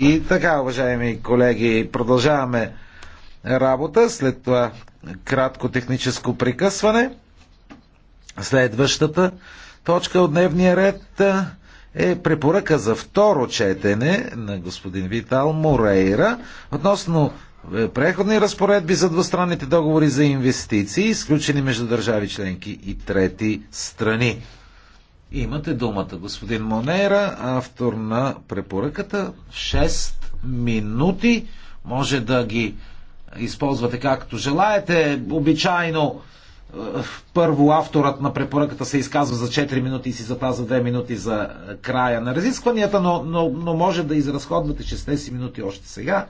И така, уважаеми колеги, продължаваме работа. След това кратко техническо прекъсване. Следващата точка от дневния ред е препоръка за второ четене на господин Витал Морейра относно е, преходни разпоредби за двустранните договори за инвестиции, изключени между държави членки и трети страни. Имате думата, господин Монера, автор на препоръката. 6 минути. Може да ги използвате както желаете. Обичайно е, първо авторът на препоръката се изказва за 4 минути и си запазва 2 минути за края на разискванията, но, но, но може да изразходвате 6 минути още сега.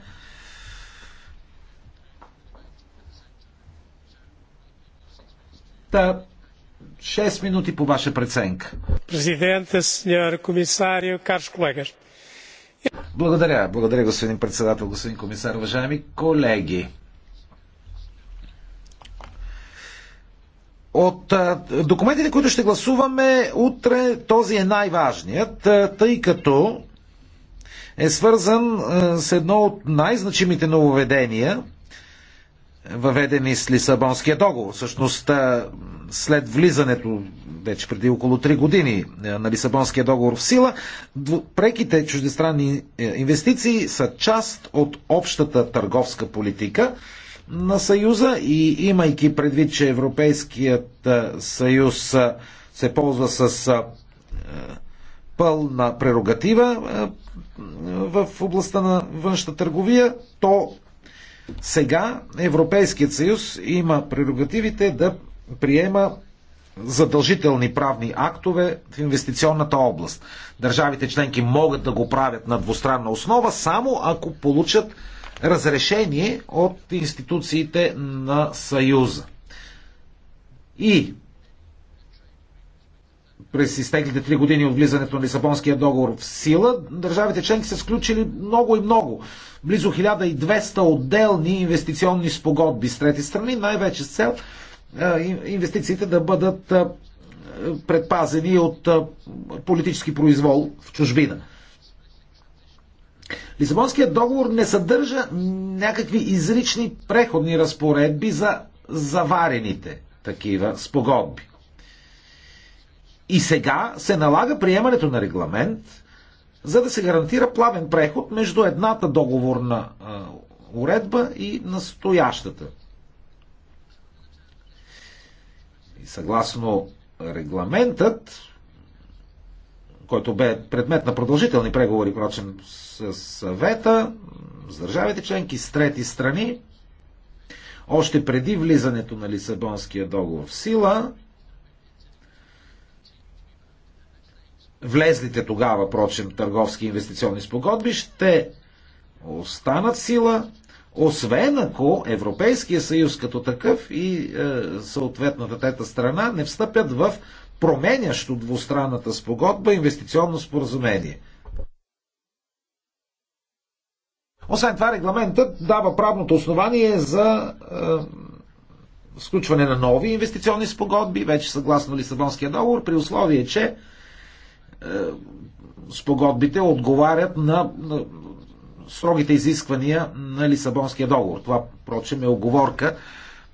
Та, 6 минути по ваша преценка. Президента, сеньор комисарио, карш колегаш. Благодаря, благодаря господин председател, господин комисар, уважаеми колеги. От документите, които ще гласуваме утре, този е най-важният, тъй като е свързан с едно от най-значимите нововедения – въведени с Лисабонския договор. Всъщност, след влизането, вече преди около 3 години, на Лисабонския договор в сила, преките чуждестранни е, инвестиции са част от общата търговска политика на Съюза и имайки предвид, че Европейският съюз се ползва с пълна прерогатива в областта на външната търговия, то сега Европейският съюз има прерогативите да приема задължителни правни актове в инвестиционната област. Държавите членки могат да го правят на двустранна основа, само ако получат разрешение от институциите на Съюза. И през изтеклите три години от влизането на Лисабонския договор в сила, държавите членки са сключили много и много. Близо 1200 отделни инвестиционни спогодби с трети страни, най-вече с цел инвестициите да бъдат предпазени от политически произвол в чужбина. Лисабонският договор не съдържа някакви изрични преходни разпоредби за заварените такива спогодби. И сега се налага приемането на регламент, за да се гарантира плавен преход между едната договорна уредба и настоящата. И съгласно регламентът, който бе предмет на продължителни преговори, прочен с съвета, с държавите членки, с трети страни, още преди влизането на Лисабонския договор в сила, влезлите тогава, прочим, търговски инвестиционни спогодби ще останат сила, освен ако Европейския съюз като такъв и е, съответната тета страна не встъпят в променящо двустранната спогодба инвестиционно споразумение. Освен това, регламентът дава правното основание за е, сключване на нови инвестиционни спогодби, вече съгласно Лисабонския договор, при условие, че е, спогодбите отговарят на строгите изисквания на Лисабонския договор. Това, впрочем, е оговорка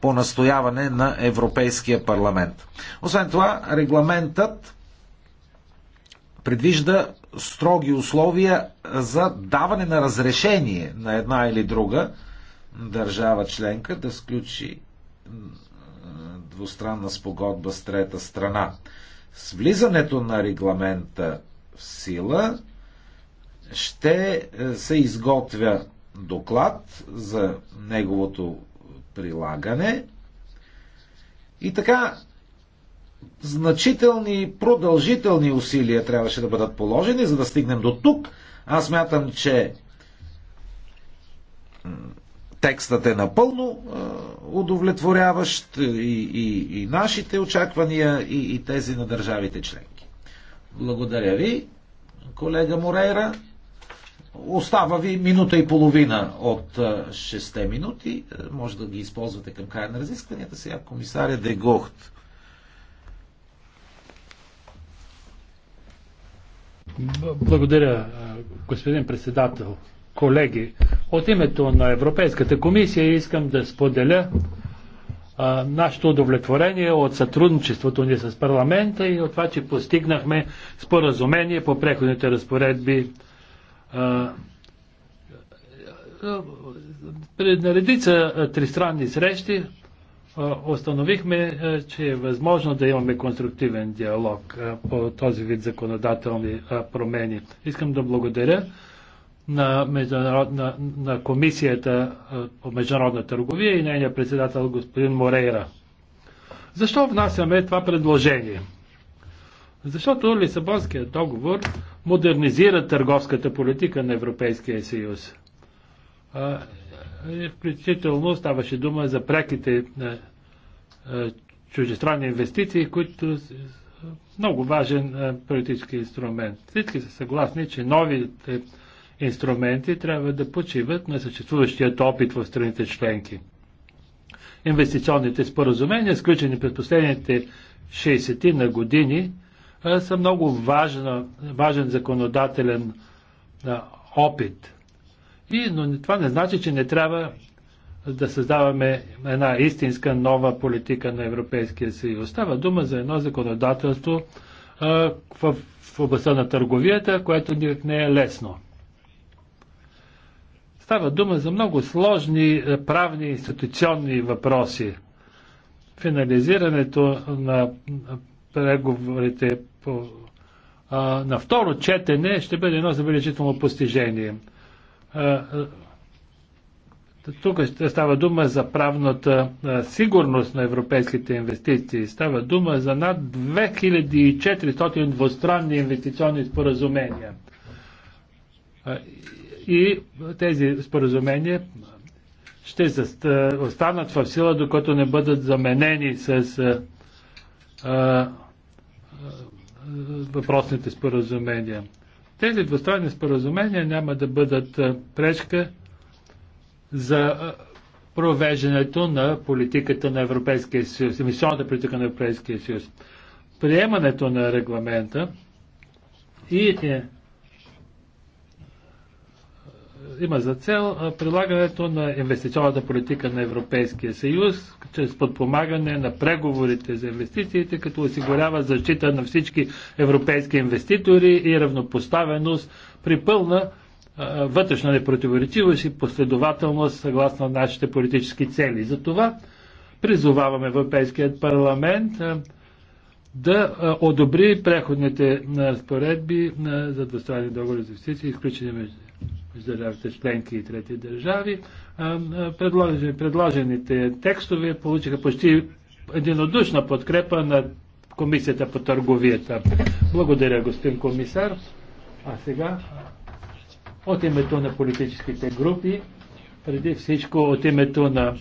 по настояване на Европейския парламент. Освен това, регламентът предвижда строги условия за даване на разрешение на една или друга държава членка да сключи двустранна спогодба с трета страна. С влизането на регламента в сила ще е, се изготвя доклад за неговото прилагане. И така, значителни, продължителни усилия трябваше да бъдат положени, за да стигнем до тук. Аз мятам, че Текстът е напълно удовлетворяващ и, и, и нашите очаквания, и, и тези на държавите членки. Благодаря ви, колега Морейра. Остава ви минута и половина от 6 минути. Може да ги използвате към края на разискванията. Сега комисаря Дегохт. Благодаря, господин председател колеги! От името на Европейската комисия искам да споделя нашето удовлетворение от сътрудничеството ни с парламента и от това, че постигнахме споразумение по преходните разпоредби. пред наредица тристранни срещи установихме, че е възможно да имаме конструктивен диалог по този вид законодателни промени. Искам да благодаря на, международна, на комисията по международна търговия и нейния председател господин Морейра. Защо внасяме това предложение? Защото Лисабонският договор модернизира търговската политика на Европейския съюз. Е, включително ставаше дума за преките чужестранни инвестиции, които са много важен политически инструмент. Всички са съгласни, че новите инструменти трябва да почиват на съществуващият опит в страните членки. Инвестиционните споразумения, сключени през последните 60 на години, са много важна, важен законодателен опит. И, но това не значи, че не трябва да създаваме една истинска нова политика на Европейския съюз. Става дума за едно законодателство в областта на търговията, което не е лесно. Става дума за много сложни е, правни институционни въпроси. Финализирането на преговорите по, а, на второ четене ще бъде едно забележително постижение. А, тук става дума за правната сигурност на европейските инвестиции. Става дума за над 2400 двустранни инвестиционни споразумения. И тези споразумения ще останат в сила, докато не бъдат заменени с а, а, въпросните споразумения. Тези двустранни споразумения няма да бъдат пречка за провеждането на политиката на Европейския съюз, емисионната политика на Европейския съюз. Приемането на регламента и е има за цел прилагането на инвестиционната политика на Европейския съюз, чрез подпомагане на преговорите за инвестициите, като осигурява защита на всички европейски инвеститори и равнопоставеност при пълна вътрешна непротиворечивост и последователност съгласно нашите политически цели. Затова призоваваме Европейският парламент да одобри преходните разпоредби за двустранни договори за инвестиции, изключени между държавите членки и трети държави. Предложените текстове получиха почти единодушна подкрепа на Комисията по търговията. Благодаря, господин комисар. А сега от името на политическите групи, преди всичко от името на е,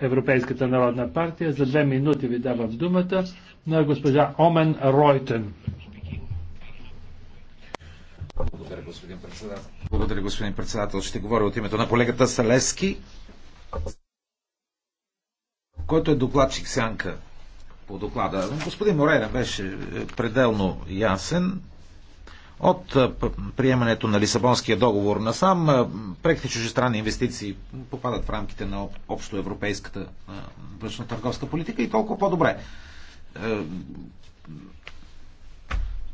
Европейската народна партия, за две минути ви давам думата на госпожа Омен Ройтен. Благодаря, господин председател. Благодаря, господин председател. Ще говоря от името на колегата Салески, който е докладчик Сянка по доклада. Господин Морейна беше е, пределно ясен. От е, приемането на Лисабонския договор насам, е, преките чужестранни инвестиции попадат в рамките на общоевропейската външна търговска политика и толкова по-добре.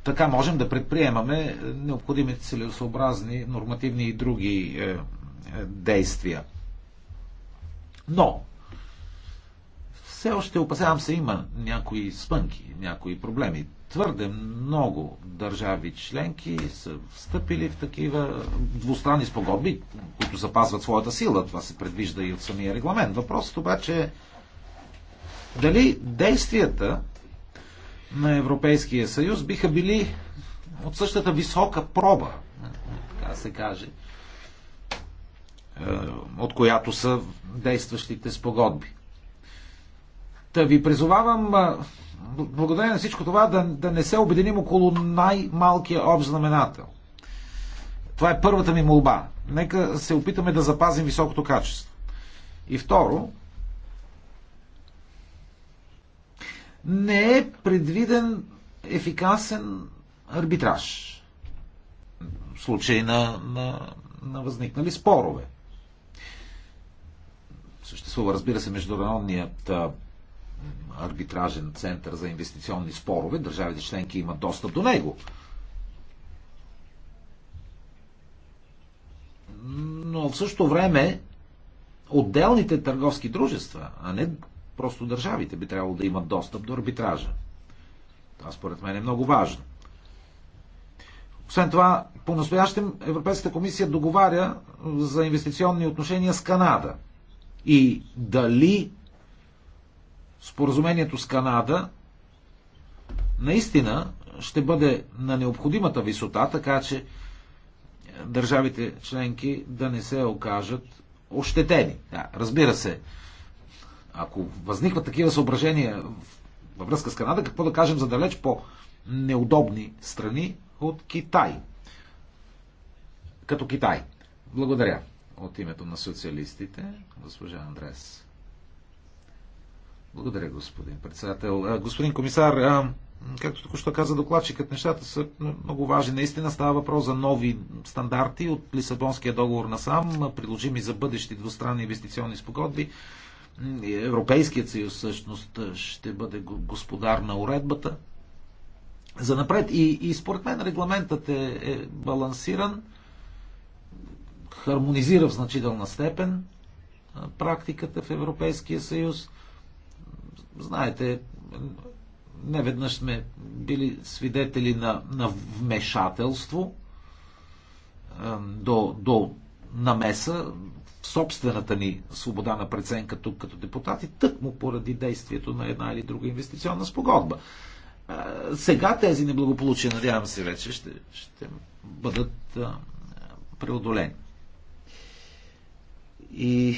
Така можем да предприемаме необходимите целесообразни нормативни и други е, е, действия. Но, все още опасявам се, има някои спънки, някои проблеми. Твърде много държави членки са встъпили в такива двустранни спогодби, които запазват своята сила. Това се предвижда и от самия регламент. Въпросът обаче е дали действията на Европейския съюз биха били от същата висока проба, така се каже, е, от която са действащите спогодби. Та ви призовавам, е, благодаря на всичко това, да, да не се обединим около най-малкия общ знаменател. Това е първата ми молба. Нека се опитаме да запазим високото качество. И второ, не е предвиден ефикасен арбитраж в случай на, на, на възникнали спорове. Съществува, разбира се, Международният арбитражен център за инвестиционни спорове. Държавите членки имат достъп до него. Но в същото време отделните търговски дружества, а не Просто държавите би трябвало да имат достъп до арбитража. Това според мен е много важно. Освен това, по-настоящем Европейската комисия договаря за инвестиционни отношения с Канада. И дали споразумението с Канада наистина ще бъде на необходимата висота, така че държавите членки да не се окажат ощетени. Да, разбира се, ако възникват такива съображения във връзка с Канада, какво да кажем за далеч по-неудобни страни от Китай? Като Китай. Благодаря. От името на социалистите, госпожа Андрес. Благодаря, господин председател. Господин комисар, както току-що каза докладчикът, нещата са много важни. Наистина става въпрос за нови стандарти от Лисабонския договор насам, приложими за бъдещи двустранни инвестиционни спогодби Европейският съюз всъщност ще бъде господар на уредбата. За напред и, и според мен регламентът е, е балансиран, хармонизира в значителна степен практиката в Европейския съюз. Знаете, не веднъж сме били свидетели на, на вмешателство до, до намеса собствената ни свобода на преценка тук като депутати, тъкмо поради действието на една или друга инвестиционна спогодба. Е, сега тези неблагополучия, надявам се, вече ще, ще бъдат е, преодолени. И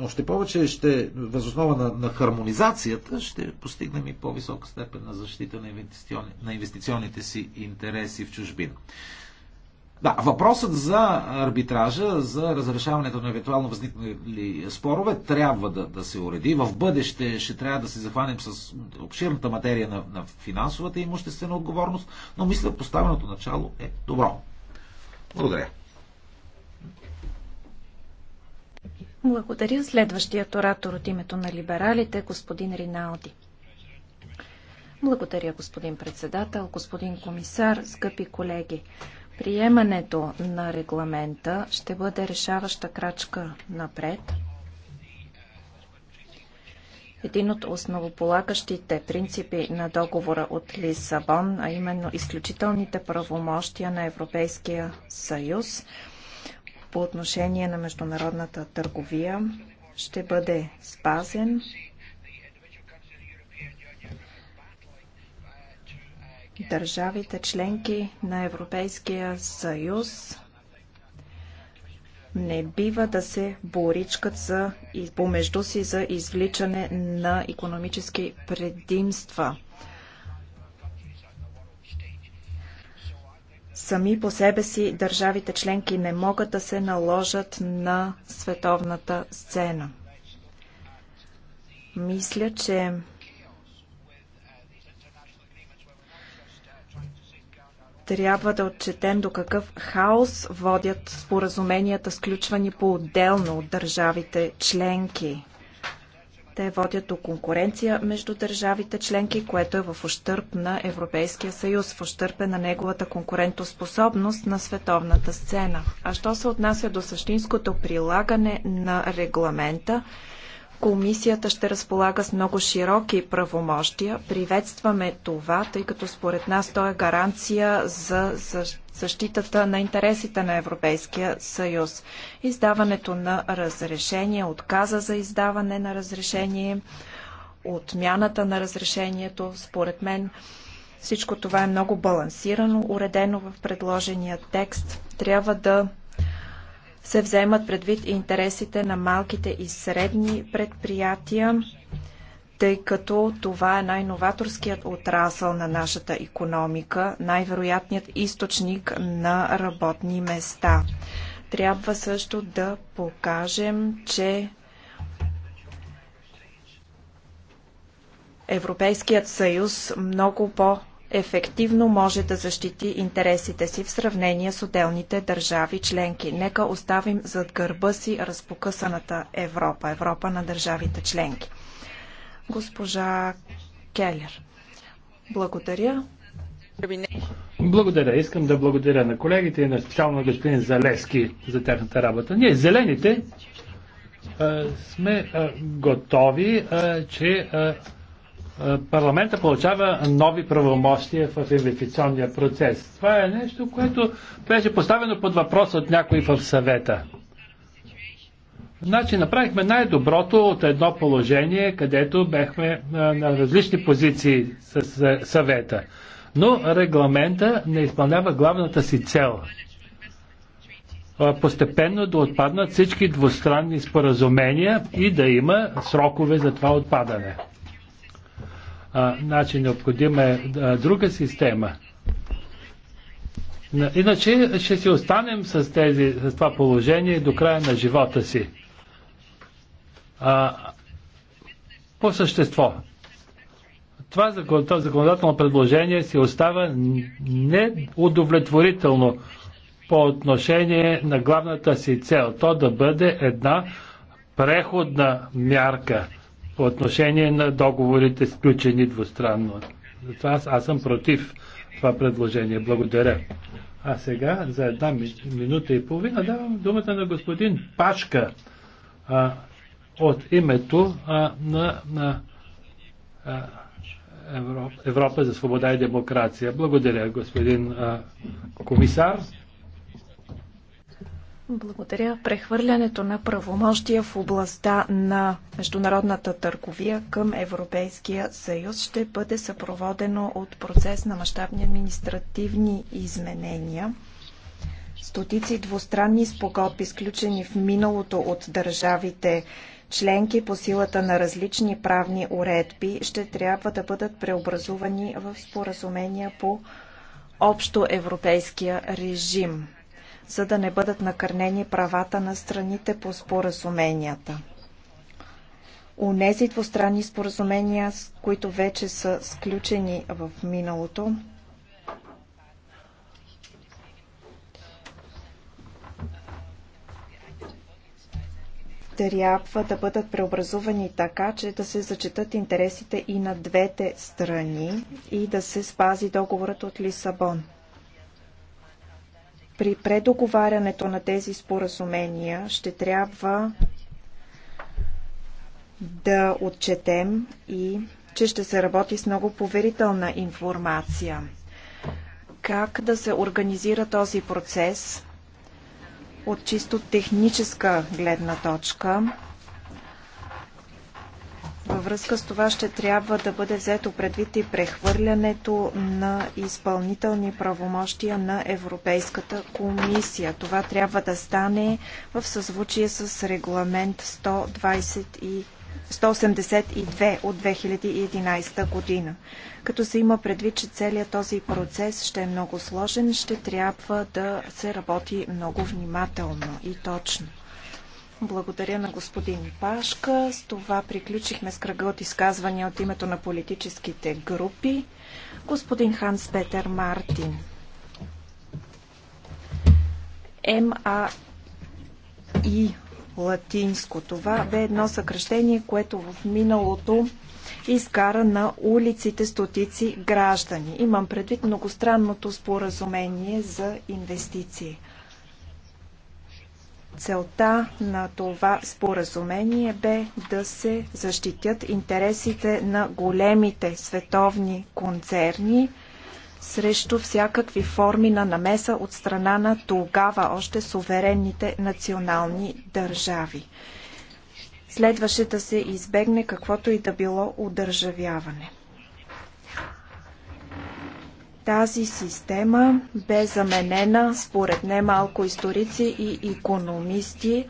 още повече ще, възоснова на, на хармонизацията, ще постигнем и по-висока степен на защита на, инвестиционни, на инвестиционните си интереси в чужбина. Да, въпросът за арбитража, за разрешаването на евентуално възникнали спорове трябва да, да се уреди. В бъдеще ще трябва да се захванем с обширната материя на, на финансовата и имуществена отговорност, но мисля, поставеното начало е добро. Благодаря. Благодаря. Следващият оратор от името на либералите, господин Риналди. Благодаря, господин председател, господин комисар, скъпи колеги. Приемането на регламента ще бъде решаваща крачка напред. Един от основополагащите принципи на договора от Лисабон, а именно изключителните правомощия на Европейския съюз по отношение на международната търговия, ще бъде спазен Държавите членки на Европейския съюз не бива да се боричкат за, помежду си за извличане на економически предимства. Сами по себе си държавите членки не могат да се наложат на световната сцена. Мисля, че трябва да отчетем до какъв хаос водят споразуменията, сключвани по-отделно от държавите членки. Те водят до конкуренция между държавите членки, което е в ощърп на Европейския съюз, в ощърп е на неговата конкурентоспособност на световната сцена. А що се отнася до същинското прилагане на регламента, Комисията ще разполага с много широки правомощия. Приветстваме това, тъй като според нас то е гаранция за защитата на интересите на Европейския съюз. Издаването на разрешение, отказа за издаване на разрешение, отмяната на разрешението, според мен всичко това е много балансирано, уредено в предложения текст. Трябва да се вземат предвид интересите на малките и средни предприятия, тъй като това е най-новаторският отрасъл на нашата економика, най-вероятният източник на работни места. Трябва също да покажем, че Европейският съюз много по- ефективно може да защити интересите си в сравнение с отделните държави членки. Нека оставим зад гърба си разпокъсаната Европа, Европа на държавите членки. Госпожа Келер. Благодаря. Благодаря. Искам да благодаря на колегите и на специално господин Залески за тяхната работа. Ние, зелените, сме готови, че е, парламента получава нови правомощия в инвестиционния процес. Това е нещо, което беше поставено под въпрос от някой в съвета. Значи направихме най-доброто от едно положение, където бехме е, на различни позиции с е, съвета. Но регламента не изпълнява главната си цел. Постепенно да отпаднат всички двустранни споразумения и да има срокове за това отпадане начин. Необходима е друга система. Иначе ще си останем с, тези, с това положение до края на живота си. А, по същество. Това законодателно предложение си остава неудовлетворително по отношение на главната си цел. То да бъде една преходна мярка по отношение на договорите, сключени двустранно. Затова аз, аз съм против това предложение. Благодаря. А сега за една минута и половина давам думата на господин Пашка а, от името а, на, на а, Европа, Европа за свобода и демокрация. Благодаря, господин а, комисар. Благодаря. Прехвърлянето на правомощия в областта на международната търговия към Европейския съюз ще бъде съпроводено от процес на мащабни административни изменения. Стотици двустранни спогодби, сключени в миналото от държавите членки по силата на различни правни уредби, ще трябва да бъдат преобразувани в споразумения по общо европейския режим за да не бъдат накърнени правата на страните по споразуменията. Унези двустранни споразумения, които вече са сключени в миналото, трябва да бъдат преобразувани така, че да се зачитат интересите и на двете страни и да се спази договорът от Лисабон при предоговарянето на тези споразумения ще трябва да отчетем и че ще се работи с много поверителна информация. Как да се организира този процес от чисто техническа гледна точка? Във връзка с това ще трябва да бъде взето предвид и прехвърлянето на изпълнителни правомощия на Европейската комисия. Това трябва да стане в съзвучие с регламент 120 182 от 2011 година. Като се има предвид, че целият този процес ще е много сложен, ще трябва да се работи много внимателно и точно. Благодаря на господин Пашка. С това приключихме с кръга от изказвания от името на политическите групи. Господин Ханс Петер Мартин. МАИ латинско. Това бе едно съкръщение, което в миналото изкара на улиците стотици граждани. Имам предвид многостранното споразумение за инвестиции. Целта на това споразумение бе да се защитят интересите на големите световни концерни срещу всякакви форми на намеса от страна на тогава още суверенните национални държави. Следваше да се избегне каквото и да било удържавяване. Тази система бе заменена, според немалко историци и економисти,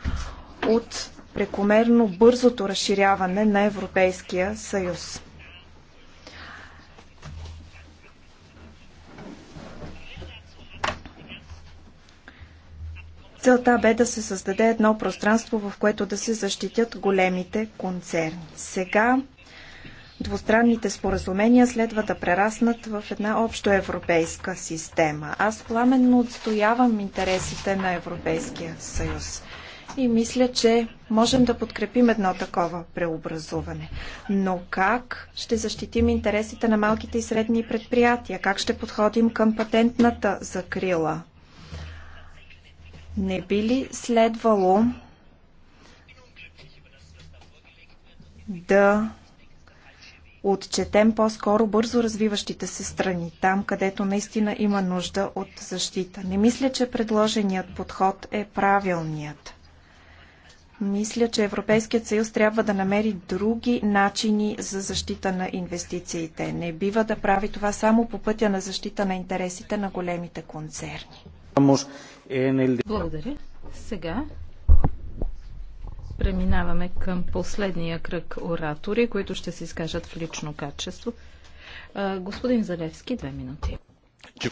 от прекомерно бързото разширяване на Европейския съюз. Целта бе да се създаде едно пространство, в което да се защитят големите концерни. Сега Двустранните споразумения следва да прераснат в една общоевропейска система. Аз пламенно отстоявам интересите на Европейския съюз и мисля, че можем да подкрепим едно такова преобразуване. Но как ще защитим интересите на малките и средни предприятия? Как ще подходим към патентната закрила? Не би ли следвало да отчетем по-скоро бързо развиващите се страни, там където наистина има нужда от защита. Не мисля, че предложеният подход е правилният. Мисля, че Европейският съюз трябва да намери други начини за защита на инвестициите. Не бива да прави това само по пътя на защита на интересите на големите концерни. Благодаря. Сега Преминаваме към последния кръг оратори, които ще се изкажат в лично качество. Господин Залевски, две минути.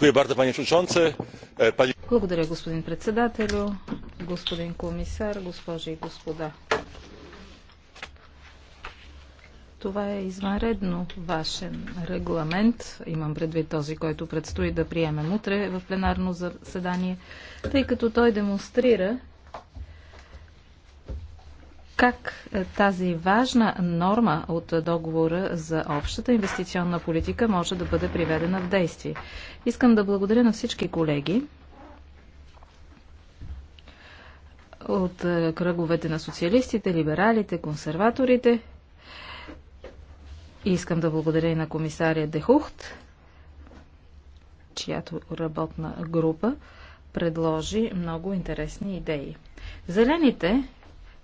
Е, Благодаря, господин председателю, господин комисар, госпожи и господа. Това е извънредно вашен регламент, имам предвид този, който предстои да приемем утре в пленарно заседание, тъй като той демонстрира, как е, тази важна норма от договора за общата инвестиционна политика може да бъде приведена в действие. Искам да благодаря на всички колеги от е, кръговете на социалистите, либералите, консерваторите. Искам да благодаря и на комисария Дехухт, чиято работна група предложи много интересни идеи. Зелените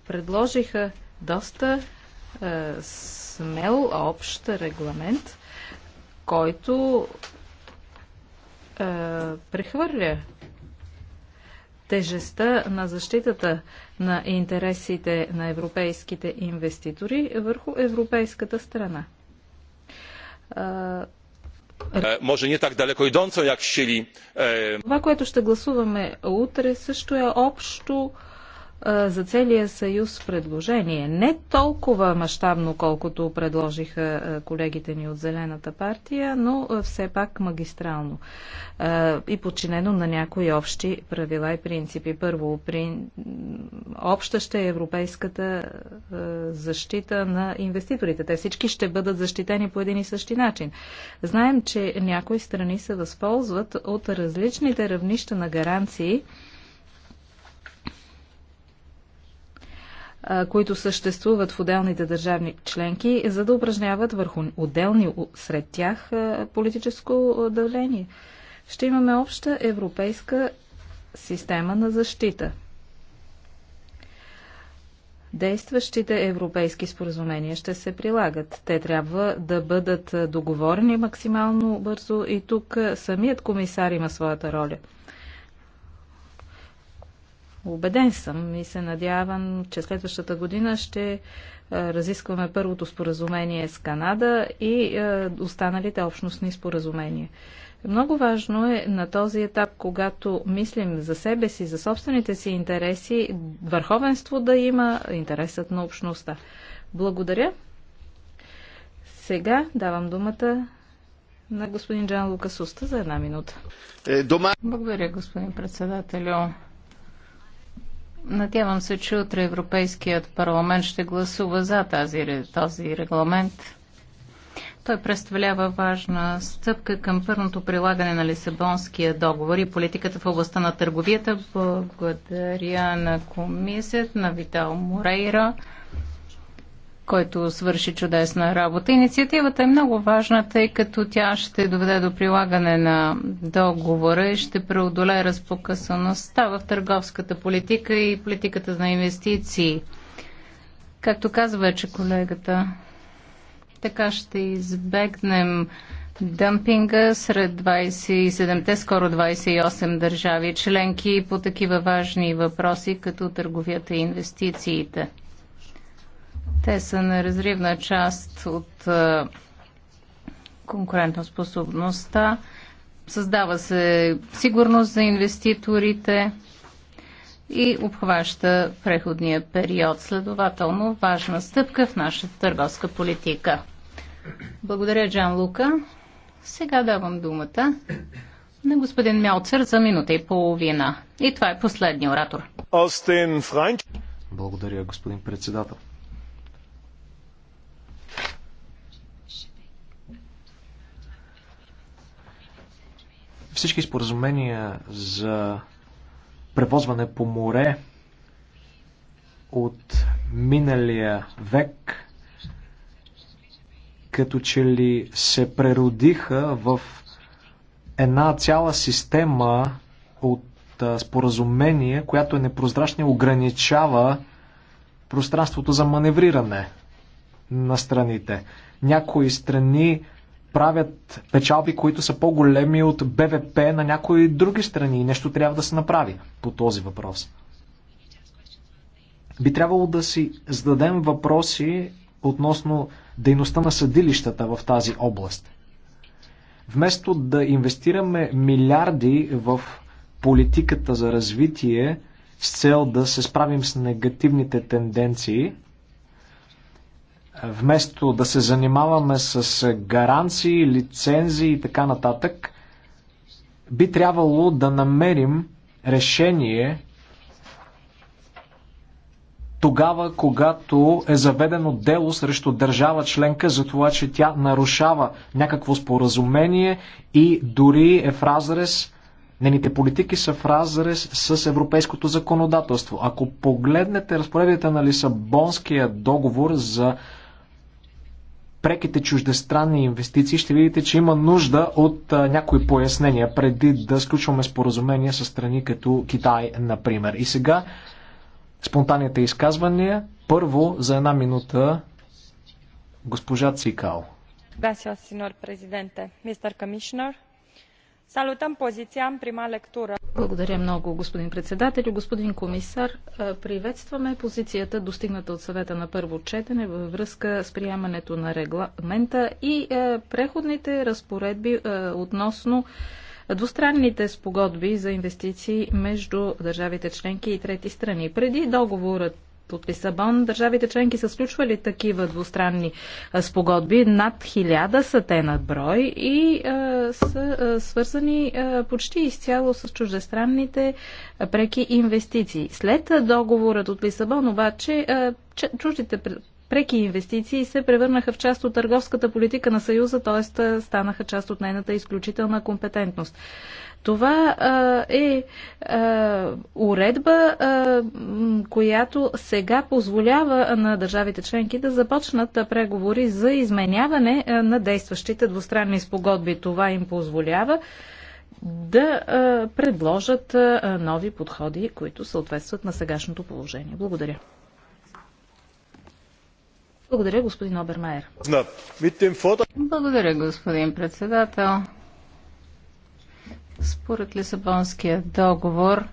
предложиха доста е, смел общ регламент, който е, прехвърля тежестта на защитата на интересите на европейските инвеститори върху европейската страна. Е, е, може не так далеко идонцо, як щели. Е, това, което ще гласуваме утре, също е общо за целия съюз предложение. Не толкова мащабно, колкото предложиха колегите ни от Зелената партия, но все пак магистрално и подчинено на някои общи правила и принципи. Първо, при... обща ще е европейската защита на инвеститорите. Те всички ще бъдат защитени по един и същи начин. Знаем, че някои страни се възползват от различните равнища на гаранции, които съществуват в отделните държавни членки, за да упражняват върху отделни сред тях политическо давление. Ще имаме обща европейска система на защита. Действащите европейски споразумения ще се прилагат. Те трябва да бъдат договорени максимално бързо и тук самият комисар има своята роля – Обеден съм и се надявам, че следващата година ще е, разискваме първото споразумение с Канада и е, останалите общностни споразумения. Много важно е на този етап, когато мислим за себе си, за собствените си интереси, върховенство да има интересът на общността. Благодаря. Сега давам думата на господин Джан Лукасуста за една минута. Е, Благодаря, господин председателю. Надявам се, че утре Европейският парламент ще гласува за тази, този регламент. Той представлява важна стъпка към първото прилагане на Лисабонския договор и политиката в областта на търговията. Благодаря на комисията, на Витал Морейра който свърши чудесна работа. Инициативата е много важна, тъй като тя ще доведе до прилагане на договора и ще преодолее разпокъсаността в търговската политика и политиката на инвестиции. Както казва вече колегата, така ще избегнем дъмпинга сред 27-те, скоро 28 държави членки по такива важни въпроси, като търговията и инвестициите. Те са неразривна част от конкурентоспособността. Създава се сигурност за инвеститорите и обхваща преходния период. Следователно, важна стъпка в нашата търговска политика. Благодаря, Джан Лука. Сега давам думата на господин Мялцер за минута и половина. И това е последния оратор. Благодаря, господин председател. Всички споразумения за превозване по море от миналия век като че ли се преродиха в една цяла система от споразумение, която е непрозрачна и ограничава пространството за маневриране на страните. Някои страни правят печалби, които са по-големи от БВП на някои други страни. Нещо трябва да се направи по този въпрос. Би трябвало да си зададем въпроси относно дейността на съдилищата в тази област. Вместо да инвестираме милиарди в политиката за развитие с цел да се справим с негативните тенденции, Вместо да се занимаваме с гаранции, лицензии и така нататък, би трябвало да намерим решение тогава, когато е заведено дело срещу държава членка за това, че тя нарушава някакво споразумение и дори е в разрез, нените политики са в разрез с европейското законодателство. Ако погледнете разпоредите на Лисабонския договор за преките чуждестранни инвестиции, ще видите, че има нужда от някои пояснения преди да сключваме споразумения с страни като Китай, например. И сега спонтанните изказвания. Първо за една минута госпожа Цикал. Gracias, señor presidente. Mr. Commissioner, Salutăm poziția în prima lectură. Благодаря много, господин председател. Господин комисар, приветстваме позицията, достигната от съвета на първо четене във връзка с приемането на регламента и преходните разпоредби относно двустранните спогодби за инвестиции между държавите членки и трети страни. Преди договорът от Лисабон държавите членки са сключвали такива двустранни спогодби. Над хиляда са те над брой и а, са а, свързани а, почти изцяло с чуждестранните преки инвестиции. След договорът от Лисабон обаче а, чуждите преки инвестиции се превърнаха в част от търговската политика на Съюза, т.е. станаха част от нейната изключителна компетентност. Това а, е а, уредба, а, която сега позволява на държавите членки да започнат преговори за изменяване на действащите двустранни спогодби. Това им позволява да а, предложат а, нови подходи, които съответстват на сегашното положение. Благодаря. Благодаря, господин Обермайер. Благодаря, господин председател. Според Лисабонския договор,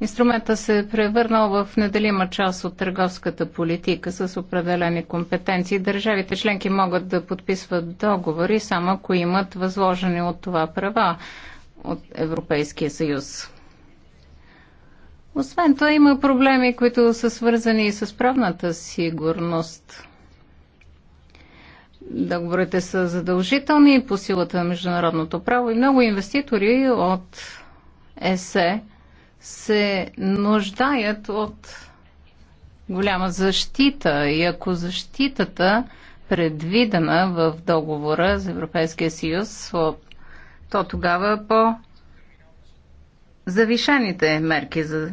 Инструмента се е превърнал в неделима част от търговската политика с определени компетенции. Държавите членки могат да подписват договори само ако имат възложени от това права от Европейския съюз. Освен това има проблеми, които са свързани и с правната сигурност. Договорите са задължителни по силата на международното право и много инвеститори от ЕСЕ се нуждаят от голяма защита и ако защитата предвидена в договора за Европейския съюз, то тогава по завишените мерки за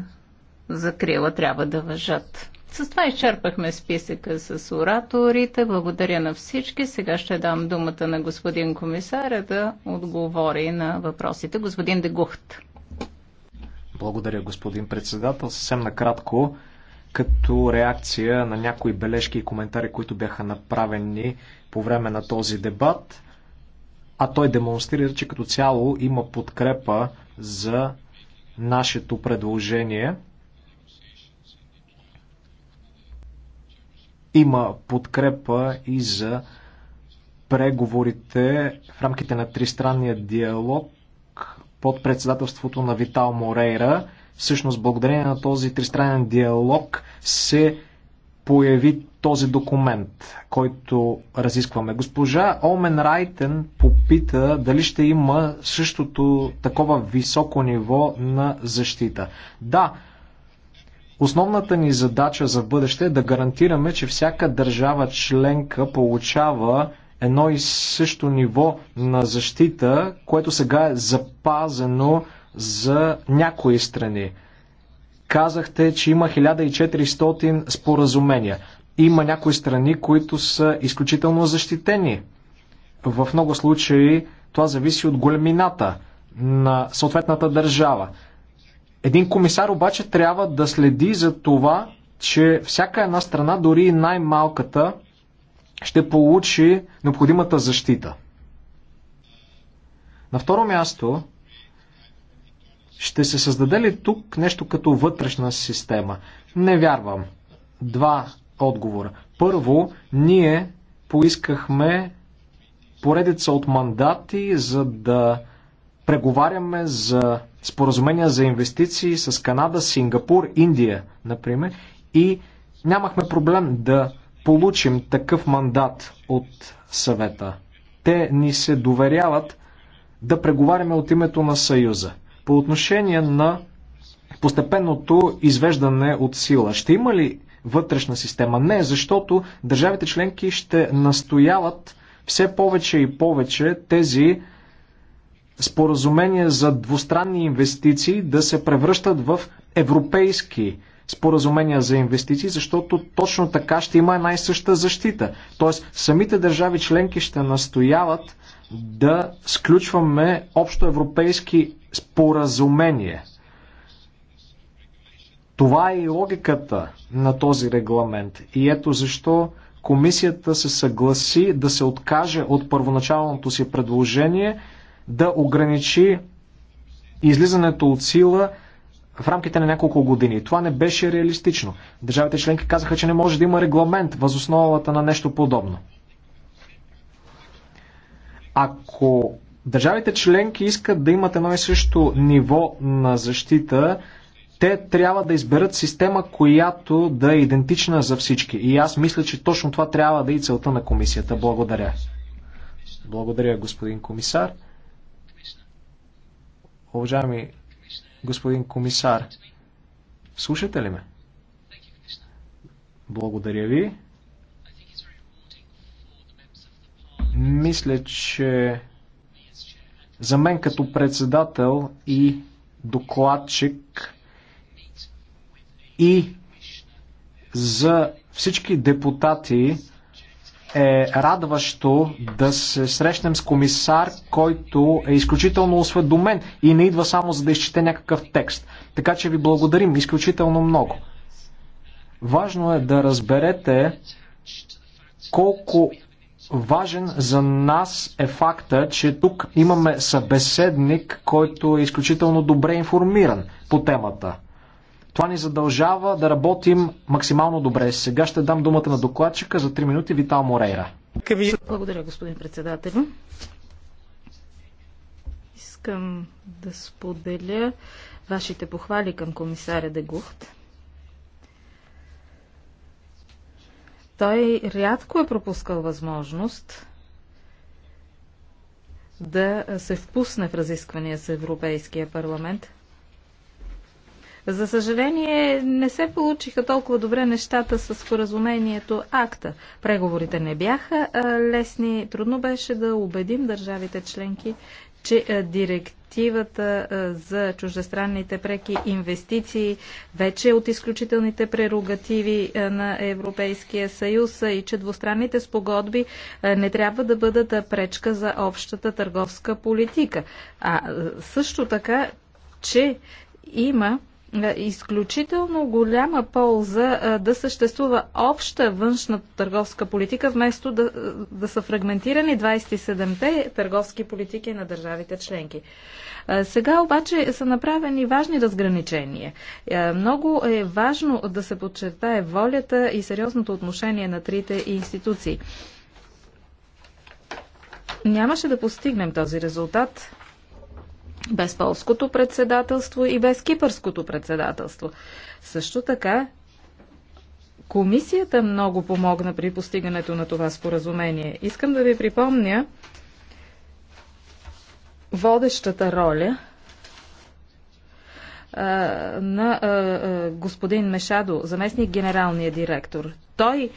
закрила трябва да въжат. С това изчерпахме списъка с ораторите. Благодаря на всички. Сега ще дам думата на господин комисаря да отговори на въпросите. Господин Дегухт. Благодаря, господин председател. Съвсем накратко, като реакция на някои бележки и коментари, които бяха направени по време на този дебат, а той демонстрира, че като цяло има подкрепа за нашето предложение. Има подкрепа и за преговорите в рамките на тристранния диалог под председателството на Витал Морейра. Всъщност, благодарение на този тристранен диалог се появи този документ, който разискваме. Госпожа Омен Райтен попита дали ще има същото такова високо ниво на защита. Да, Основната ни задача за бъдеще е да гарантираме, че всяка държава членка получава едно и също ниво на защита, което сега е запазено за някои страни. Казахте, че има 1400 споразумения. Има някои страни, които са изключително защитени. В много случаи това зависи от големината на съответната държава. Един комисар обаче трябва да следи за това, че всяка една страна, дори и най-малката, ще получи необходимата защита. На второ място, ще се създаде ли тук нещо като вътрешна система? Не вярвам. Два отговора. Първо, ние поискахме поредица от мандати, за да преговаряме за споразумения за инвестиции с Канада, Сингапур, Индия, например, и нямахме проблем да получим такъв мандат от съвета. Те ни се доверяват да преговаряме от името на Съюза. По отношение на постепенното извеждане от сила, ще има ли вътрешна система. Не, защото държавите членки ще настояват все повече и повече тези споразумения за двустранни инвестиции да се превръщат в европейски споразумения за инвестиции, защото точно така ще има една и съща защита. Тоест, самите държави членки ще настояват да сключваме общо европейски споразумения – това е и логиката на този регламент. И ето защо комисията се съгласи да се откаже от първоначалното си предложение да ограничи излизането от сила в рамките на няколко години. Това не беше реалистично. Държавите членки казаха, че не може да има регламент възосновата на нещо подобно. Ако държавите членки искат да имат едно и също ниво на защита, те трябва да изберат система, която да е идентична за всички. И аз мисля, че точно това трябва да е и целта на комисията. Благодаря. Благодаря, господин комисар. Уважаеми господин комисар, слушате ли ме? Благодаря ви. Мисля, че за мен като председател и докладчик и за всички депутати е радващо да се срещнем с комисар, който е изключително осведомен и не идва само за да изчете някакъв текст. Така че ви благодарим изключително много. Важно е да разберете колко важен за нас е факта, че тук имаме събеседник, който е изключително добре информиран по темата. Това ни задължава да работим максимално добре. Сега ще дам думата на докладчика за 3 минути Витал Морейра. Благодаря, господин председател. Искам да споделя вашите похвали към комисаря Дегухт. Той рядко е пропускал възможност да се впусне в разисквания с Европейския парламент – за съжаление, не се получиха толкова добре нещата с споразумението АКТА. Преговорите не бяха лесни. Трудно беше да убедим държавите членки, че директивата за чуждестранните преки инвестиции вече е от изключителните прерогативи на Европейския съюз и че двустранните спогодби не трябва да бъдат пречка за общата търговска политика. А също така, че има е, изключително голяма полза е, да съществува обща външна търговска политика, вместо да, е, да са фрагментирани 27-те търговски политики на държавите членки. Сега обаче са направени важни разграничения. Много е важно да се подчертае волята и сериозното отношение на трите институции. Нямаше да постигнем този резултат, без полското председателство и без кипърското председателство. Също така, комисията много помогна при постигането на това споразумение. Искам да ви припомня водещата роля на господин Мешадо, заместник генералния директор той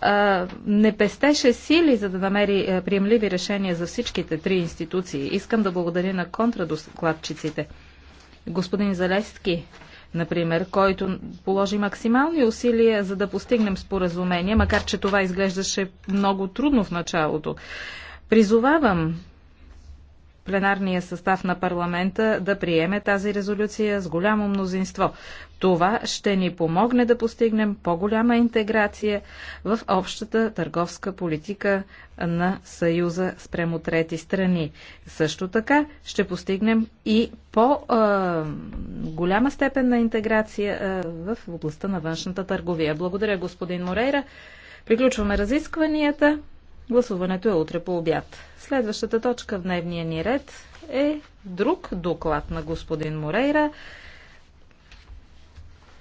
а, не пестеше сили, за да намери а, е, приемливи решения за всичките три институции. Искам да благодаря на контрадокладчиците. Господин Залески, например, който положи максимални усилия, за да постигнем споразумение, макар че това изглеждаше много трудно в началото. Призовавам пленарния състав на парламента да приеме тази резолюция с голямо мнозинство. Това ще ни помогне да постигнем по-голяма интеграция в общата търговска политика на Съюза спрямо трети страни. Също така ще постигнем и по-голяма степен на интеграция в областта на външната търговия. Благодаря, господин Морейра. Приключваме разискванията. Гласуването е утре по обяд. Следващата точка в дневния ни ред е друг доклад на господин Морейра.